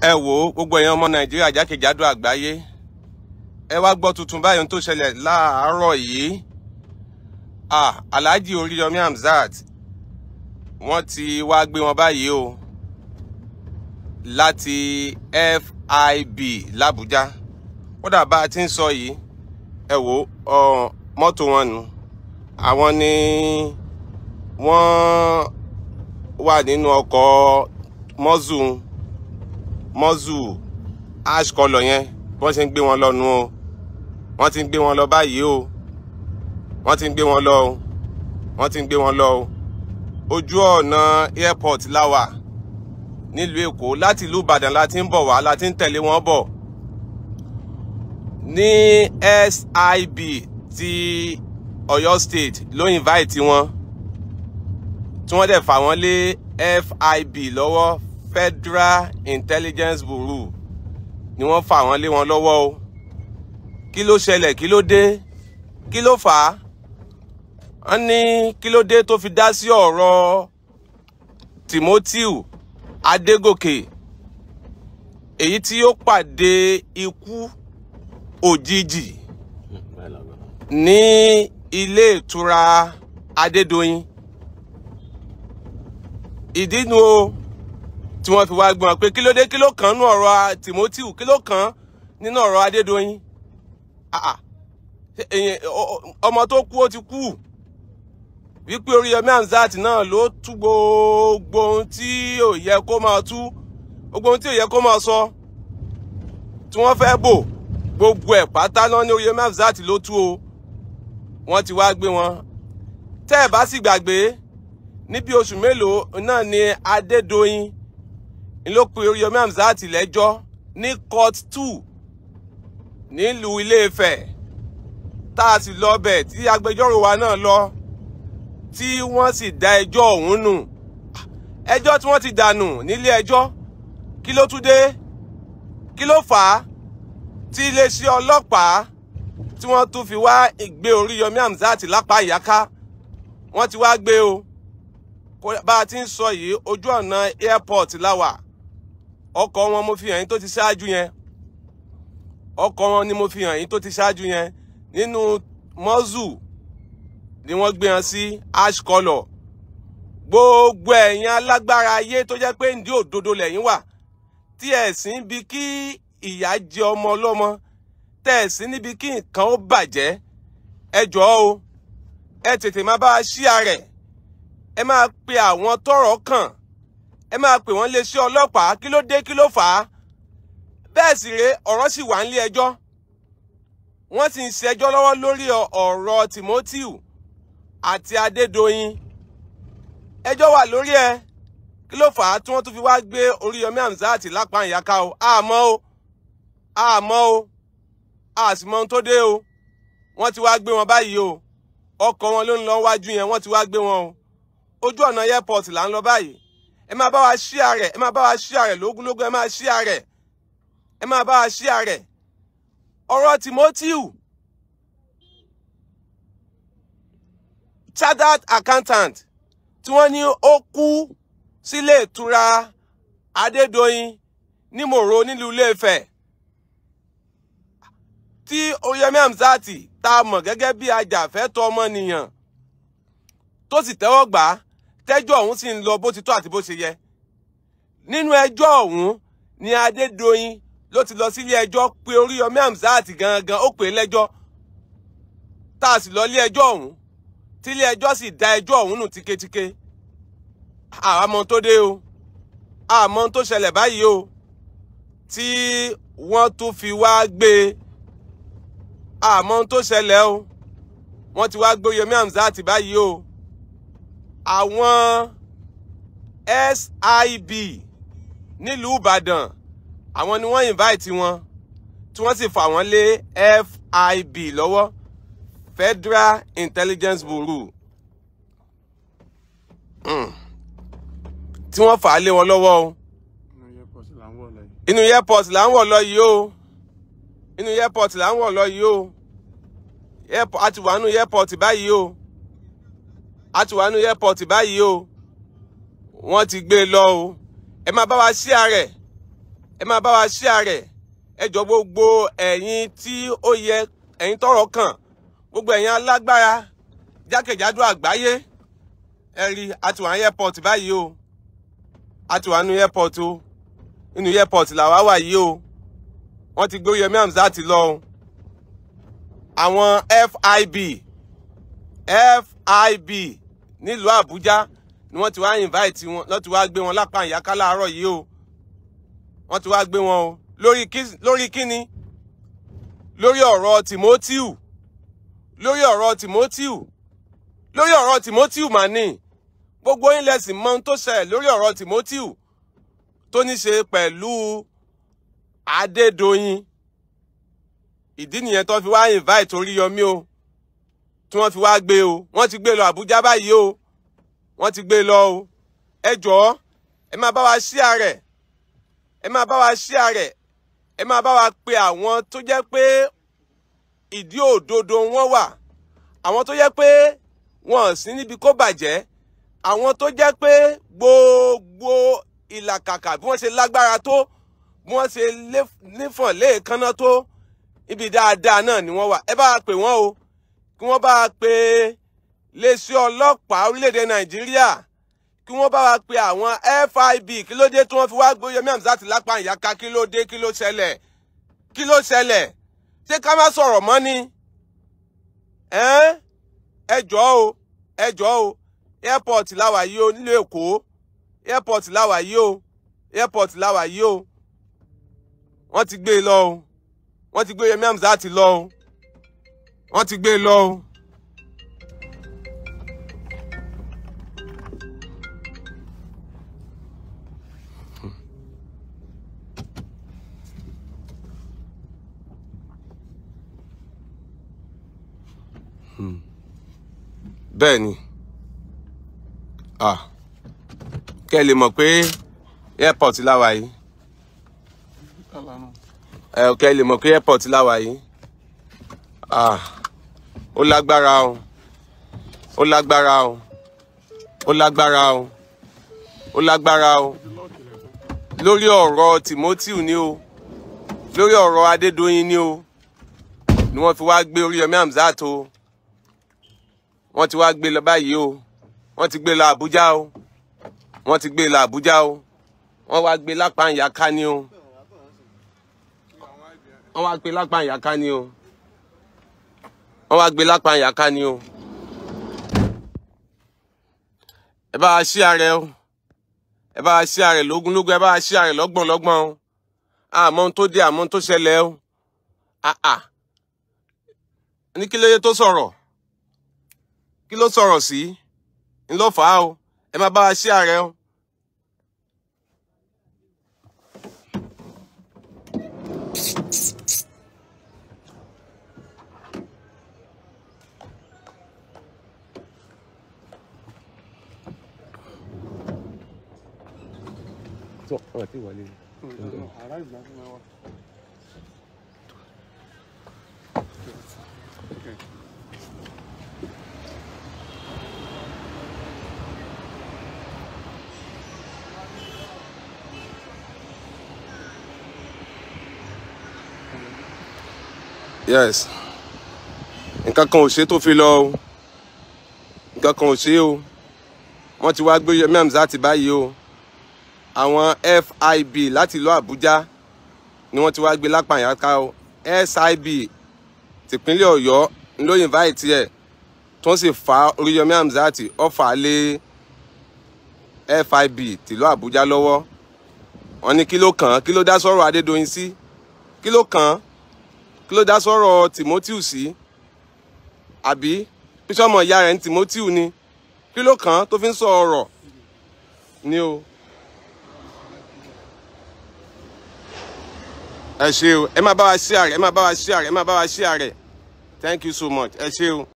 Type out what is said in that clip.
ẹ wò ó gbogbo èèyàn ọmọ nàìjíríà jákèjádò àgbáyé ẹ wá gbọ́ tuntun báyìí tó ṣẹlẹ̀ láàárọ̀ yìí ah alhaji oríyọmí hamzat wọ́n ti wá gbé wọn báyìí o láti FIB làbújá kódà bá a ti ń sọ yìí ẹ wò ó mọ́tò wọn nu àwọn ni wọ́n wà nínú ọkọ̀ mọ́zù mọ́zù ash kọlọ̀ yẹn wọ́n ti ń gbé wọn lọ nu o wọ́n ti ń gbé wọn lọ báyìí o wọ́n ti ń gbé wọn lọ o wọ́n ti ń gbé wọn lọ o ojú ọ̀nà airport láwà nílùú èkó láti ìlú ìbàdàn la ti ń bọ̀ wá la ti ń tẹ̀lé wọn bọ̀ ní SIB ti Ọ̀yọ́ state ló invite wọn tí wọ́n dẹ̀ fà wọ́n lé FIB lọ́wọ́ Federal Intelligence Bureau ni wọ́n fà wọ́n lé wọn lọ́wọ́ o kí ló ṣẹlẹ̀ kí ló dé kí ló fà á wọ́n ní kí ló dé tó fi dá sí ọ̀rọ̀ Timothy Adégòkè èyí tí ó pàdé ikú òjijì ní ilé ìtura Adédoyin ìdí nu o tí wọ́n fi wá gbọ́n pé kí ló dé kí ló kàn nínú ọ̀rọ̀ Timothy kí ló kàn nínú ọ̀rọ̀ Adédoyin ah, ah. ọmọ tó kú ó ti kú wípé Oríyọmí Hamzat náà ló tú gbogbo ohun tí ò yẹ kó máa tú gbogbo ohun tí ò yẹ kó máa sọ tí wọ́n fẹ́ bò gbogbo ẹ̀ pátá náà ní Oríyọmí Hamzat ló tú o wọ́n ti wá gbé wọn tẹ́ ẹ̀ bá sì gbàgbé ní oṣù mélòó náà ni Adédoyin ló pe Oríyọmí Hamzat lẹ́jọ́ ní court two nílùú Ilé-Ifẹ̀ tá a sì lọ bẹ̀ tí agbẹjọ́rò wa náà lọ tí wọ́n sì dá ẹjọ́ ọ̀hún nù ẹjọ́ tí wọ́n ti dànù nílé ẹjọ́ kí ló tún dé kí ló fà á tí iléeṣẹ́ ọlọ́pàá tí wọ́n tún fi wá gbé Oríyọmí Hamzat lápá ìyáká wọ́n ti wá gbé o bá a ti ń sọ yìí ojú ọ̀nà airport la wà ọkọ̀ wọn mo fi hàn yín tó ti ṣáájú yẹn ọkọ̀ wọn ni mo fi hàn yín tó ti ṣáájú yẹn nínú mọ́zù ni wọ́n gbé hàn sí ash colour gbogbo ẹ̀yin alágbára ayé tó jẹ́ pé ǹdí òdodo lẹ́yìn wà tí ẹ̀sìn bí kí ìyá jẹ ọmọ ọlọ́mọ tẹ̀sí níbi kí nǹkan ó bàjẹ́ ẹ jọ̀ọ́ o ẹ tètè máa bá a ṣí ara ẹ̀ ẹ máa pe àwọn tọ́rọ̀ kàn ẹ máa pè wọ́n lé sí ọlọ́pàá kí ló dé kí ló fà á bẹ́ẹ̀ sì rèé ọ̀rọ̀ sì wà nílé ẹjọ́ wọ́n sì ń ṣẹjọ́ lọ́wọ́ lórí ọ̀rọ̀ Timothy àti Adédoyin ẹjọ́ wà lórí ẹ kí ló fà á tí wọ́n tún fi wá gbé Oríyọmí Hamzat lápá ìyáká o àmọ́ o àmọ́ o àsìmọ́ ohun tó dé o wọ́n ti wá gbé wọn báyìí o ọkọ̀ wọn ló ń lọ wájú yẹn wọ́n ti wá gbé wọn o ojú ọ̀nà airport là ń lọ báyìí ẹ máa bá wa ṣíà rẹ̀ ẹ máa bá wa ṣíà rẹ̀ lógúnlógún ẹ máa ṣíà rẹ̀ ẹ máa bá wa ṣíà rẹ̀ ọ̀rọ̀ Timothy Chadat accountant tí wọ́n ní ó kú sílé ìtura Adédoyin ní Mòró nílùú Ilé-Ifẹ̀ tí Oríyọmí Hamzat tá a mọ̀ gẹ́gẹ́ bí ajàfẹ́tọ̀ọ́ ọmọnìyàn tó sì tẹ́wọ́ gbà á tẹ́jọ́ ọ̀hún sì ń lọ bó ti tọ́ àti bó ṣe yẹ nínú ẹjọ́ ọ̀hún ni Adédoyin ló ti lọ sílé ẹjọ́ pé Oríyọmí Hamzat gangan ó pè é lẹ́jọ́ tá a sì lọ ilé ẹjọ́ ọ̀hún tílé ẹjọ́ sì dá ẹjọ́ ọ̀hún nù tíketíke àmọ́ tó dé o àmọ́ tó ṣẹlẹ̀ báyìí o tí wọ́n tún fi wá gbé e àmọ́ tó ṣẹlẹ̀ o wọ́n ti wá gbé Yomi Hamzat báyìí o àwọn SIB nílùú Ìbàdàn àwọn ni wọ́n invite wọn tí wọ́n sì fà wọ́n lé FIB lọ́wọ́ Federal Intelligence Bureau hmm. tí wọ́n fà á lé wọn lọ́wọ́ o inú airport là ń wọ̀ lọ yìí o inú airport là ń wọ̀ lọ yìí o a ti wà nínú airport báyìí o a ti wà ní airport báyìí o wọ́n ti gbé e lọ o ẹ máa bá wa share rẹ̀ ẹ máa bá wa share rẹ̀ ẹ jọ gbogbo ẹ̀yin tí ó yẹ ẹ̀yin tọ́rọ̀ kàn gbogbo ẹ̀yin alágbára jákèjádò àgbáyé ẹ rí a ti wà ní airport báyìí o a ti wà ní airport o nínú airport làwa wà yìí o wọ́n ti gbé Yẹmí Amzat lọ o àwọn FIB F. IB nílùú Àbújá ni wọ́n ti wá invite wọn lọ́n ti wá gbé wọn lápá ìyáká láàárọ̀ yìí o wọ́n ti wá gbé wọn o lórí kíni lórí ọ̀rọ̀ Timothy lórí ọ̀rọ̀ Timothy lórí ọ̀rọ̀ Timothy mà ní gbogbo yín lẹ sì mọ ohun tó ṣẹlẹ̀ lórí ọ̀rọ̀ Timothy tó ní ṣe pẹ̀lú Adédoyin ìdí nìyẹn tó fi wá invite Oríyọmí o tí wọ́n fi wá gbé o wọ́n ti gbé lọ Àbújá báyìí o wọ́n ti gbé lọ o ẹ jọ̀ọ́ ẹ máa bá wa share rẹ̀ ẹ máa bá wa share rẹ̀ ẹ máa bá wa pe àwọn tó jẹ́ pé ìdí òdodo wọn wà àwọn tó jẹ́ pé wọn ò sí níbi kó bàjẹ́ àwọn tó jẹ́ pé gbogbo ìlàkàkà bí wọ́n ṣe lágbára tó bí wọ́n ṣe nífọ̀n léèkánná tó ibi dáadáa náà ni wọ́n wà ẹ bá wa pè wọ́n o kí wọ́n bá wa pé léṣẹ́ ọlọ́pàá orílẹ̀-èdè nàìjíríà kí wọ́n bá wa pé àwọn FIB kí ló dé tí wọ́n fi wá gbé Yẹmí Amzat lápá ìyáka kí ló dé kí ló ṣẹlẹ̀ kí ló ṣẹlẹ̀ ṣé ká má sọ̀rọ̀ mọ́ ni ẹ jọ̀ọ́ o ẹ jọ̀ọ́ o airport làwà yìí o nílùú èkó airport làwà yìí o airport làwà yìí o wọ́n ti gbé e lọ o wọ́n ti gbé Yẹmí Amzat lọ o wọ́n ti gbé e lọ o. bẹ́ẹ̀ ni kẹ́ ẹ lè mọ̀ pé airport láwa yìí kẹ́ ẹ lè mọ̀ pé airport láwa yìí. Ah ó lágbára o ó lágbára o ó lágbára o ó lágbára o lórí ọ̀rọ̀ Timothy ni o lórí ọ̀rọ̀ Adédoyin ni o ni wọ́n fi wá gbé Oríyọmí Hamzat o wọ́n ti wá gbé lọ báyìí o wọ́n ti gbé lọ Àbújá o wọ́n ti gbé lọ Àbújá o wọ́n wá gbé lápá ìyáká ni o wọ́n wá gbé lápá ìyáká ni o wọ́n wá gbé lápá yàká ni o ẹ bá wa ṣí ààrẹ o ẹ bá wa ṣí ààrẹ lógúnlógún ẹ bá wa ṣí ààrẹ lọ́gbọ̀n lọ́gbọ̀n o àmọ́ ohun tó dé àmọ́ ohun tó ṣẹlẹ̀ o àà ní kí lóye tó sọ̀rọ̀ kí ló sọ̀rọ̀ sí ńlọ́fàá o ẹ má bá ṣí ààrẹ o. tó ọ̀rọ̀ tí wọlé ni. yes nǹkan kan ò ṣe tó fi lọ o nǹkan kan ò ṣe o wọ́n ti wá gbé Yẹmí Amzat báyìí o àwọn FIB láti ìlú Àbújá ni wọ́n ti wá gbé lápá ìyáká o SIB tìpínlẹ̀ Ọ̀yọ́ ló invite ẹ̀ tó ń sì fa Oríyọmí Hamzat ọ̀fà lé FIB tìlú Àbújá lọ́wọ́ wọ́n ní kí ló kàn án kí ló dá sọ̀rọ̀ Adédoyin sí kí ló kàn án kí ló dá sọ̀rọ̀ Timothy sí àbí bísọ̀mọ̀ ìyá rẹ̀ ní Timothy ni kí kan kàn án tó fi ń sọ ọ̀rọ̀ ni o. ẹ ṣé o ẹ má bá wa share ẹ má bá wa share ẹ má bá wa share thank you so much ẹ ṣé o.